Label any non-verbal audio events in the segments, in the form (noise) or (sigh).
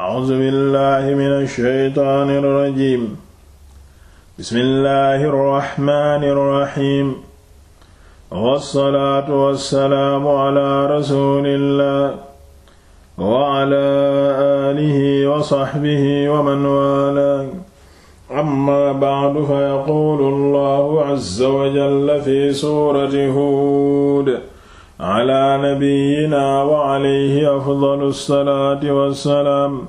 A'uuzu billaahi mina shaytaani rajiim. Bismillaahi rahmaani rahiim. Wassalaatu wassalaamu alaa rasuulillaah wa alaa aalihi wa sahbihi wa man waalaah. Ammaa ba'du fa yaquulu Allaahu azza wa jalla fi suurati Huud. ala nabiyyina wa alayhi afdalu salaati wassalaam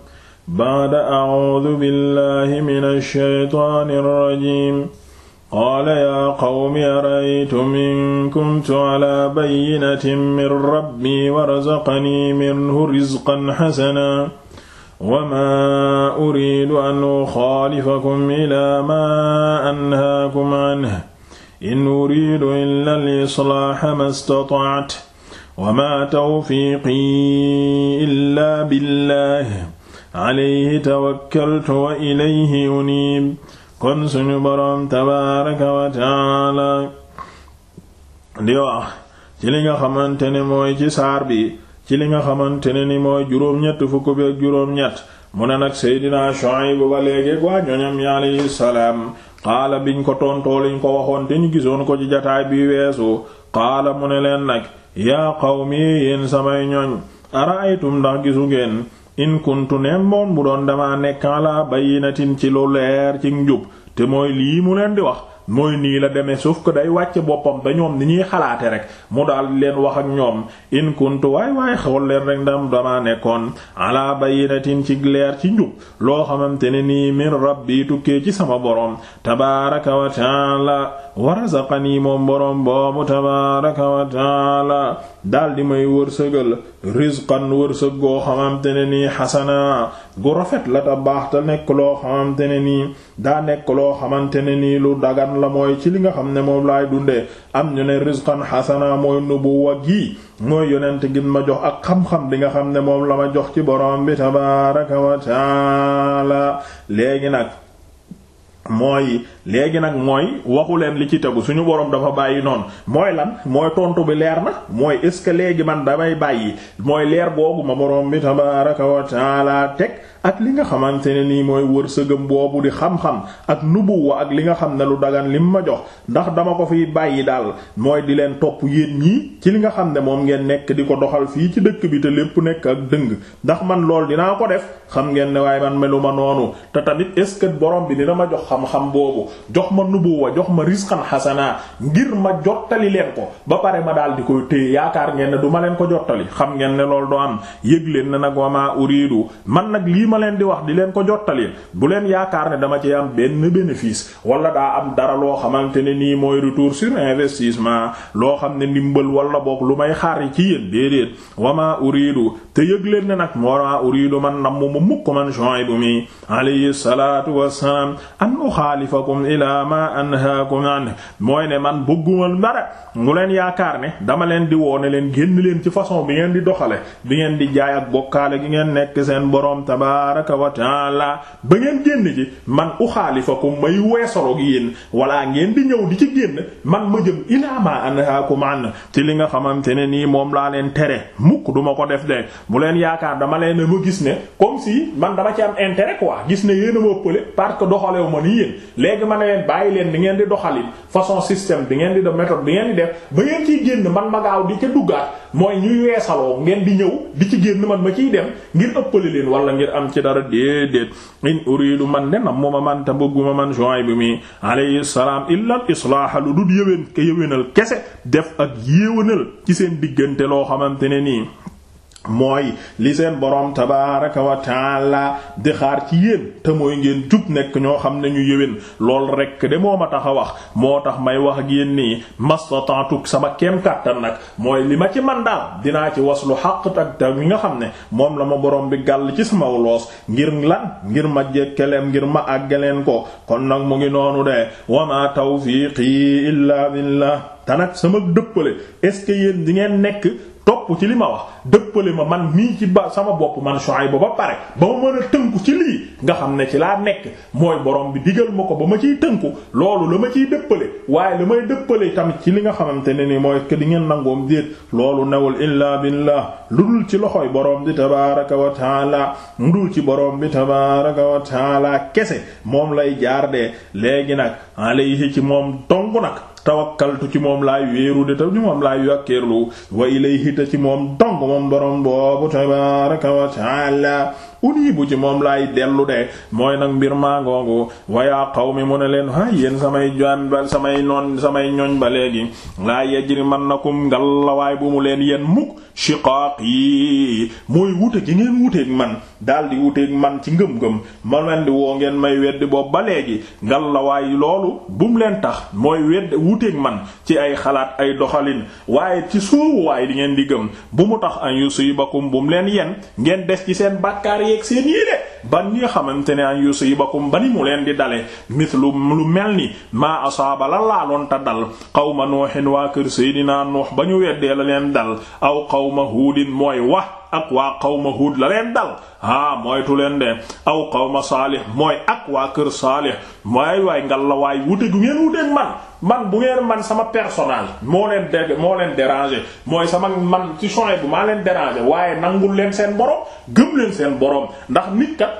ba'da a'uudu billahi minash shaytaanir rajiim qaala yaa qawmi araytum in kuntu ala bayyinatin min rabbi wa razaqanii minhu rizqan hasanan wa maa uriidu an uxaalifakum ilaa maa anhaakum anhu in uridu illa al-islaaha ma istata'tu wa ma tawfiiqii illaa billaah alayhi tawakkaltu wa ilayhi uniib kon suñu boroom tabaaraka wa taala di wax ci li nga xamante ne mooy ci saar bi ci li nga xamante ne ni mooy juróom-ñett fukk bi ak juróom-ñett mu ne nag Seydina Shuayb ba léegi waa ñoñam ya alayhi salaam qaala biñ ko tontoo liñ ko waxoon te ñu gisoon ko ci jataay bi weesu qaala mu ne leen nag yaa qawmi yéen samay ñoñ araaytum ndax gisu ngeen in kuntu neem bu doon dama nekk ala bayyinatin ci lu leer ci njub te mooy lii mu leen di wax mooy nii la demee sauf que day wàcce boppam ba ñoom ni ñuy xalaate rek mu daal leen wax ak ñoom in kuntu waay waay xool leen rek ndam damaa nekkoon ala bayyinatin ci leer ci njub loo xamante ne nii min bi tukkee ci sama borom tabaraka wa taala wa yi moom boroom boobu tabaraka wa taala daal di may wërsëgal rizqan wërsëg goo xamante ne nii xasana gu rafet la ta baax te nekk loo xamante ne nii daa nekk loo xamante ne nii lu dagan la mooy ci li nga xam ne moom laay dundee am ñu ne rizqan xasana mooy nubuwa gi mooy yonent gi ma jox ak xam-xam bi nga xam ne moom la ma jox ci borom bi tabaaraka wa taala léegi nag mooy léegi nag mooy waxu leen li ci tegu suñu borom dafa bàyyi noonu mooy lan mooy tontu bi leer na mooy est ce que léegi man damay bàyyi mooy leer boobu ma borom bi tabaaraka wa taala teg ak li nga xamante ne nii mooy wërsëgam boobu di xam-xam ak nubuwa ak li nga xam ne lu dagan lim ma jox ndax dama ko fiy bàyyi daal mooy di leen topp yéen ñii ci li nga xam ne moom ngeen nekk di ko doxal fii ci dëkk bi te lépp nekk ak dëng ndax man lool dinaa ko def xam ngeen ne waaye man melu ma noonu te tamit est ce que borom bi dina ma jox xam-xam boobu jox ma nubuwa jox ma risqan xasanaa ngir ma jottali leen ko ba pare ma daal di koy téye yaakaar ngeen ne du ma leen ko jottali xam ngeen ne lool doo am yëg leen ne nag wa maa uridu man nag lii ma leen di wax di leen ko jottali bu leen yaakaar ne dama ci am benn bénéfice wala daa am dara loo xamante ne nii mooy retour sur investissement loo xam ne ndimbal wala boog lu may xaar ci yéen déedéet wa maa uridu te yëg leen ne nag wa man namm ma mukk man Shuaybu mi alayhi salaatu wassalaam an uxaalifakum anhaakum ilaa ma anhaakum an mooy ne man bëggumal dara mu leen yaakaar ne dama leen di woone leen génn leen ci façon bi ngeen di doxale bi ngeen di jaay ak bokkaale gi ngeen nekk seen boroom tabaaraka wa taala ba ngeen génn ci man uxaalifakum may weesoro gi yéen walla ngeen di ñëw di ci génn man ma jëm ilaa ma anhaakum ci li nga xamante ne nii moom laa leen tere mukk duma ko def de mu leen yaakaar dama leen a ma gis ne comme si man dama ci am intérêt ma ne leen bàyyi leen di ngeen di doxalin façon système bi ngeen di def méthode bi ngeen di def ba ngeen ciy génn man ma gaaw di ca duggaat mooy ñuy weesaloo ngeen di ñëw di ci génn man ma ciy dem ngir ëppale leen wala ngir am ci dara déedéet in uridu man de nam ma man ta bëgguma man joy bi mi alayhi salaam illa al islaaha lu dul yëwén ka yëwénal kese def ak yéwénal ci seen diggante loo xamante ne nii mooy li seen borom tabaaraka wa taala di xaar ci yéen te mooy ngeen jub nekk ñoo xam ne ñu yéwén lool rek de moo ma tax a wax moo tax may wax génn yéen nii mastata'tu sama kem kàttan nag mooy li ma ci man daal dinaa ci waslu xaq ak te nga xam ne moom la ma borom bi gàll ci sama loos ngir lan ngir ma jekkeleem ngir ma àggaleen ko kon nag mu ngi noonu de wa ma tawfiiqi illaa billah te nag sama dëppale est ce di ngeen nekk. topp ci li ma wax dëppale ma man nii ci ba sama bopp man Shuayb ba pare ba ma mën a tënku ci lii nga xam ne ci laa nekk mooy borom bi digal ma ko ba ma ciy tënku loolu la ma ciy dëppale waaye la may dëppale tamit ci li nga xamante ne ni mooy ke di ngeen nangoom déet loolu newul illaa billah lu dul ci loxoy borom bi tabaaraka wa taala dul ci borom bi tabaaraka wa kese moom lay jaar de léegi nag alayhi ci moom tongu nag tawakkaltu ci moom laay wéeru de te ci moom laay wàkkeerlu wa ilayhi ci moom dong moom borom boobu tabaaraka wa ta'ala uni bu ci moom laay dellu de mooy nag mbir maa ngoongu wayaa mi mu ne leen hay yéen samay jaan ba samay noon samay ñoñ ba léegi laa yajrimannakum ngallawaay bu mu leen yéen mukk shiqaaq yi mooy wute ci ngeen wuteeg man daldi wuteeg man ci ngëm-ngëm ma leen di woo ngeen may weddi boobu ba léegi ngallawaay loolu bu leen tax mooy wedd wuteeg man ci ay xalaat ay doxalin waaye ci soowu waay di ngeen di gëm bu mu tax an yusibakum bu mu leen yéen yeeg seen yéene ban ñi nga xamante ne an yi ba ni mu leen di dalee mithlu lu mel ni maa asaaba la laaloon ta dal qawma nuuhin waa kër seydinaa nuux ba ñu weddee la leen dal aw qawma huudin mooy wax ak waa qawma Huud la leen dal ah moytu leen de aw qawma Saalih mooy ak waa kër Saalih waay waay ngal la waay wute gu ngeen wuteeg man man bu ngeen man sama personnage moo leen de moo leen déranger mooy sama man ci changement bu maa leen déranger waaye nangul leen seen borom gëm leen seen borom ndax nit kat.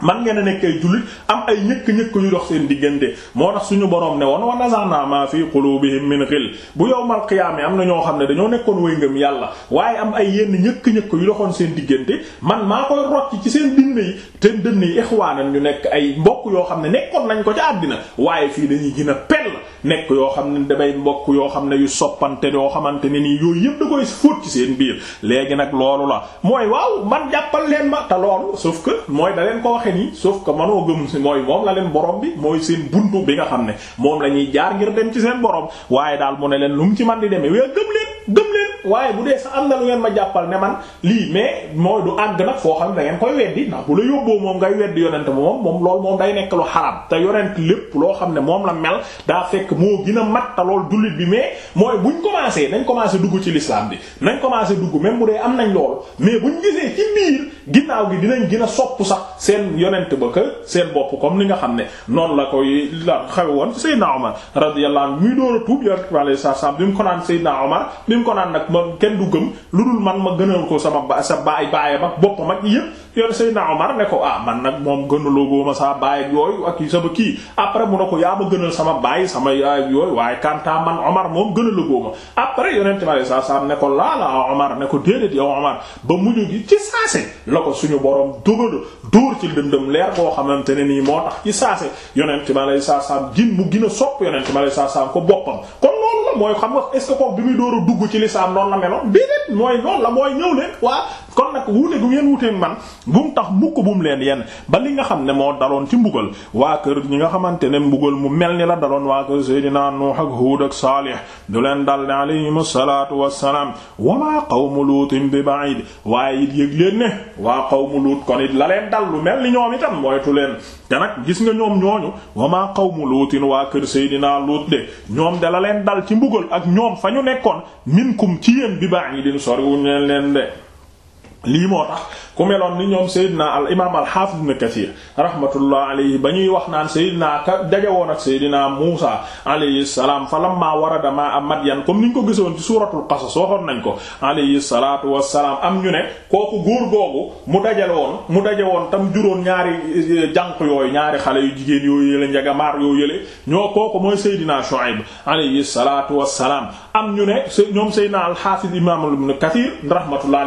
man ngeen a nekk ay jullit am ay ñëkk-ñëkk yu dox seen diggante moo tax suñu borom ne woon wa nazana ma fi qulubihim min ghil bu yowmal qiyaama am na ñoo xam ne dañoo nekkoon way ngëm yàlla waaye am ay yenn ñëkk-ñëkk yu doxoon seen diggante man maa koy rocc ci seen dënn yi te dënn yi ixwaanan ñu nekk ay mbokk yoo xam ne nekkoon nañ ko ca àddina waaye fii dañuy gën a pell nekk yoo xam ne damay mbokk yoo xam ne yu soppante yoo xamante ne nii yooyu yëpp da koy fóot ci seen biir léegi nag loolu la mooy waaw man jàppal leen ma te loolu sauf que mooy da leen ko waxe nii sauf que manoo gëm si mooy moom la leen borom bi mooy seen buntu bi nga xam ne moom la ñuy jaar ngir dem ci seen borom waaye daal mu ne leen lu mu ci man di demee wee gëm leen gëm waaye bu dee sax am na lu ngeen ma jàppal ne man lii mais mooy du àgg nag foo xam ne da ngeen koy weddi ndax bu la yóbboo moom ngay weddi yonent moom moom loolu moom day nekk lu xaram te yonent lépp loo xam ne moom la mel daa fekk moo gën a mat te lool jullit bi mais mooy buñ commencé nañ commencé dugg ci l'islam bi nañ commencé dugg même bu dee am nañ lool mais buñ gisee ci biir ginnaaw gi dinañ gën a sopp sax seen yonent ba que seen bopp comme li nga xam ne noonu la koy la xawe woon ci Seydina Omar radiyallahu anhu muy door a tuub yonent bi alayhi salaam bi mu ko naan Seydina Omar bi mu ko naan nag ma kenn du gëm lu dul man ma gënal ko sama ba sa baay baayam ak boppam ak yëpp yoon Seydina Omar ne ko ah man nag moom gënaloo góoma saa baay ak yooyu ak sama kii après mu ne ko yaa ma gënal sama baay sama yaay yooyu waaye kantaa man Omar moom gënaloo góoma après yonent ma ko laala Omar ne ko déedéet yow Omar ba mujj gi ci saase la ko boo xamante ne nii moo tax ci saase yonent ma lay saa saa gin mu gën sopp yonent ma lay saa saa ko boppam kon loolu la mooy xam nga est-ce que kooku bi muy door a dugg ci lislaam noonu la meloon déedéet mooy noonu la mooy ñëw leen waa kon nag wuute gu ngeen wuuteeg man bu mu tax mukk bu mu leen yenn ba li nga xam ne moo daloon ci mbugal waa kër ñi nga xamante ne mbugal mu mel ni la daloon waa kër Seydina Nuux ak Huud ak Saalih du leen dal ne alayhimu salaatu wassalaam wamaa qawmu Luutin bi ba'iid waaye it yëg leen ne waa qawmu Luut kon it la leen dal lu mel ni ñoom itam moytu leen te nag gis nga ñoom ñooñu wamaa qawmu Luutin waa kër Seydina Luut de ñoom de la leen dal ci mbugal ak ñoom fa nekkoon minkum ci yéen bi ba'iidin soriwuñ leen lii moo tax ku meloon ni ñoom Seydina al imaam al hafiz ibn Kathir rahmatullah alayhi ba ñuy wax naan Seydina ka woon ak Seydina Muusa alayhi salaam falamma warada ma'a Madyan comme ni ñu ko gisoon ci suuratul Qasas waxoon nañ ko alayhi salaatu wassalaam am ñu ne kooku góor googu mu dajale woon mu daje woon tam juróon ñaari eh, janq yooyu ñaari xale yu jigéen yooyu yële njagamaar yoo yële ñoo kooku mooy Seydina Shu'ayb alayhi salaatu salaam am ñu ne ñoom Seydina al hafiz imaam ibn Kathir rahmatullah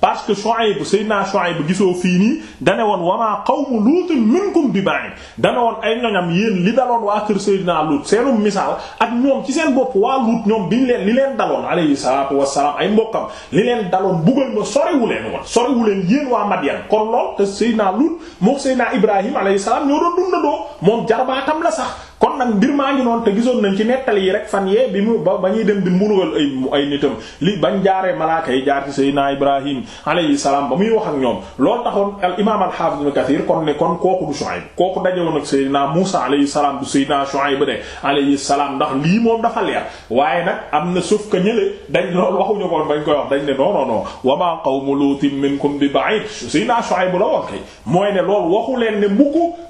parce que Shuayb Seydina bu gisoo fii nii dane woon wamaa qawmu luutin minkum bi ba'id dane ay ñoñam yéen li daloon waa kër Seydina Luut seenu misaal ak ñoom ci seen bopp waa Luut ñoom biñ leen li leen daloon alayhi salaatu wassalaam ay mbokkam li leen daloon buggal ma soriwu leen woon soriwu leen yéen waa Madyan kon lool te Seydina Luut mook Seydina Ibrahim alayhi salaam ñoo doon dundandoo moom jarbaatam la sax nag mbir maa ngi noonu te gisoon nañ ci nettali yi rek fan yee bi mu ba ba ñuy dem di munugal ay ay nitam li bañ jaaree malaaka yi jaar ci Seydina Ibrahim alayhi ba muy wax ak ñoom loolu taxoon al imaam al hafiz ibn Kathir kon ne kon kooku du Shuayb kooku dajewoon ak Seydina Muusa alayhi salaam du Seydina Shuayb de alayhi salaam ndax lii moom dafa leer waaye nag am na suuf ka ñële dañ loolu waxuñu koon bañ koy wax dañ ne non ma qawmu Luutin minkum bi ba'id Seydina la woon kay mooy ne loolu waxu leen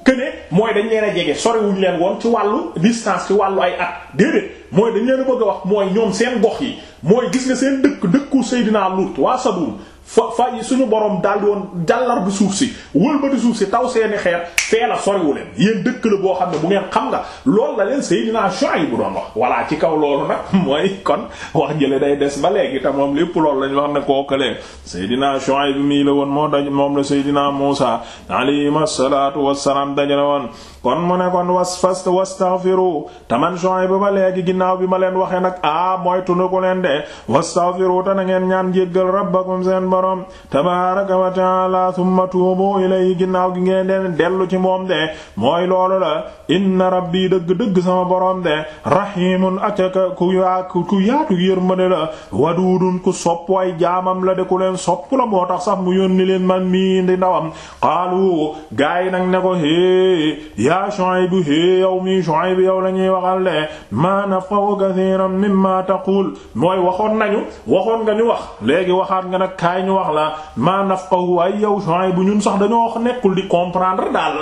que ne mooy dañ leen a jege soriwuñ leen woon ci wàllu distance ci wàllu ay at déedéet mooy dañ leen a bëgg a wax mooy ñoom seen gox yi mooy gis nga seen dëkk dëkku Seydina Lut waa Sadum fa fa suñu boroom daal di woon jàllar suuf si wëlbati suuf si taw seeni xeer fee la soriwu leen yéen dëkk la boo xam ne bu ngeen xam nga loolu la leen Seydina Shuayb bu doon wax voilà ci kaw loolu nag (laughs) mooy kon wax jële day des ba léegi te moom lépp loolu lañ wax ne kookalee Seydina Shuayb bi mii la woon moo daj moom la Seydina Muusa alayhi salaatu wassalaam dajale woon kon mu ne kon wasfas wastaghfiru taman Shuayb ba léegi ginnaaw bi ma leen waxee nag a moytu na ko leen de wastaghfiru te na ngeen ñaan jéggal rabbakum seen borom tabaaraka wa ta'aala thumma tuubu ilayhi ginnaaw gi ngeen den dellu ci moom de mooy loolu la inna yi dëgg-dëgg sama borom de rahimun acaka ku yaa ku yaatu yërmande la waduudun ku sopp way jaamam la de ku leen sopp la moo tax sax mu yónni leen man mii di ndawam qaalu gaay nag ne ko hee yaa Shuayb hé yow mii Shuayb yow la ñuy waxal de maa nafqahu kathiran mimma taqul mooy waxoon nañu waxoon nga ñu wax léegi waxaat nga nag kaay ñu wax la maa nafqahu ay yow bu ñun sax dañoo wax nekkul di comprendre daal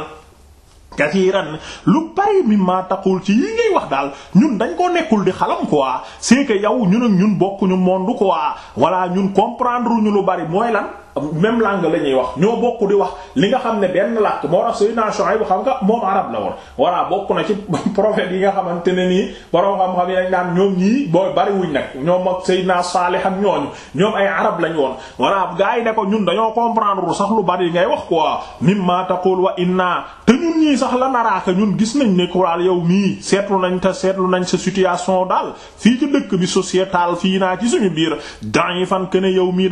kasiiran lu bari mi maa ci yii ngay wax daal ñun dañ ko nekkul di xalam ko c'est que yow ñun ak ñun bokkuñu ko waa voilà ñun comprendre ñu lu bari mooy lan. même langue la ñuy wax ñoo bokk di wax li nga xam ne benn làkk moo tax Seydina Shuayb bu xam nga moom arab la woon voilà bokk na ci (laughs) prophète yi nga xamante ne nii borom xam-xam yi dañ naan ñoom ñii booy bariwuñ nag ñoom ak Seydina Salih ak ñooñu ñoom ay arab lañ woon voilà gars yi ne ko ñun dañoo comprendre sax lu bari ngay wax quoi mimma taqul wa inna te ñun ñii sax la naraaka ñun gis nañ ne ko daal yaw mii seetlu nañ te seetlu nañ sa situation daal fii ci dëkk bi sociétal fii naa ci suñu biir da'ifan ken yow mii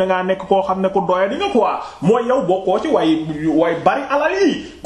nga quoi mooy yow bokkoo ci way way bari alal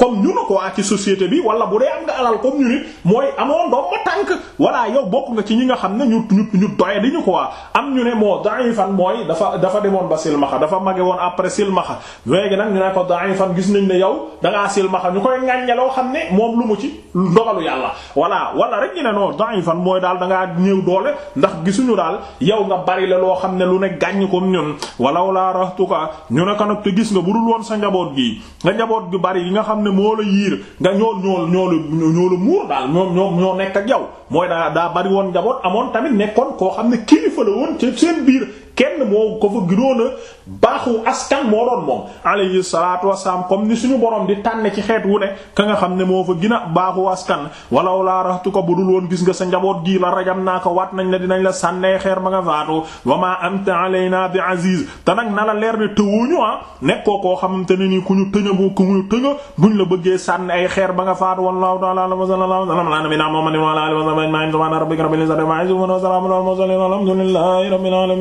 comme ñu na ko waa ci société bi wala bu dee am nga alal comme ñu nit mooy amoon doom ma tànk voilà yow bokk nga ci ñi nga xam ne ñu ñu ñu doye di ñu ko waa am ñu ne moo da'ifan mooy dafa dafa demoon ba silmaxa dafa mage woon après silmaxa léegi nag ñu ne ko da'ifan gis nañ ne yow dangaa silmaxa ñu koy ŋàññe loo xam ne moom lu mu ci dogalu yàlla voilà wala rek ñu ne non da'ifan mooy daal dangaa ñëw doole ndax gisuñu daal yow nga bari la loo xam ne lu ne gàññ comme ñun walaw la rahtuka ñu ne ko nag gis nga budul woon sa njaboot gi nga njaboot gi bari yi nga xam ne ne moo la yiir nga ñoo ñoo ñoo la ñoo la muur daal ñoom ñoo nekk ak yow mooy daa daa bari woon njaboot amoon tamit nekkoon koo xam ne kilifa la woon ci seen biir kenn moo ko fa gënoon a baaxu askan moo doon moom alayhi salaatu wasalaam comme ni suñu borom di tànn ci xeet wu ne ka nga xam ne moo fa gën a baaxu askan walaw laa raxtu ko bu dul woon gis nga sa njaboot gii la rajam naa ko waat nañ la dinañ la sànnee xeer ba nga faatu wa ma anta alayna bi aziz te nag na la leer ne tëwuñu ah nekkoo koo xamante ne nii ku ñu tëña bu ku ñu tëña buñ la bëggee sànni ay xeer ba nga faatu wallahu ta'ala wa sallallahu ala nabiyina muhammadin wa ala alihi wa sahbihi ajma'in subhana rabbika rabbil izzati amma yasifun wa salamun alal mursalin walhamdulillahi rabbil alamin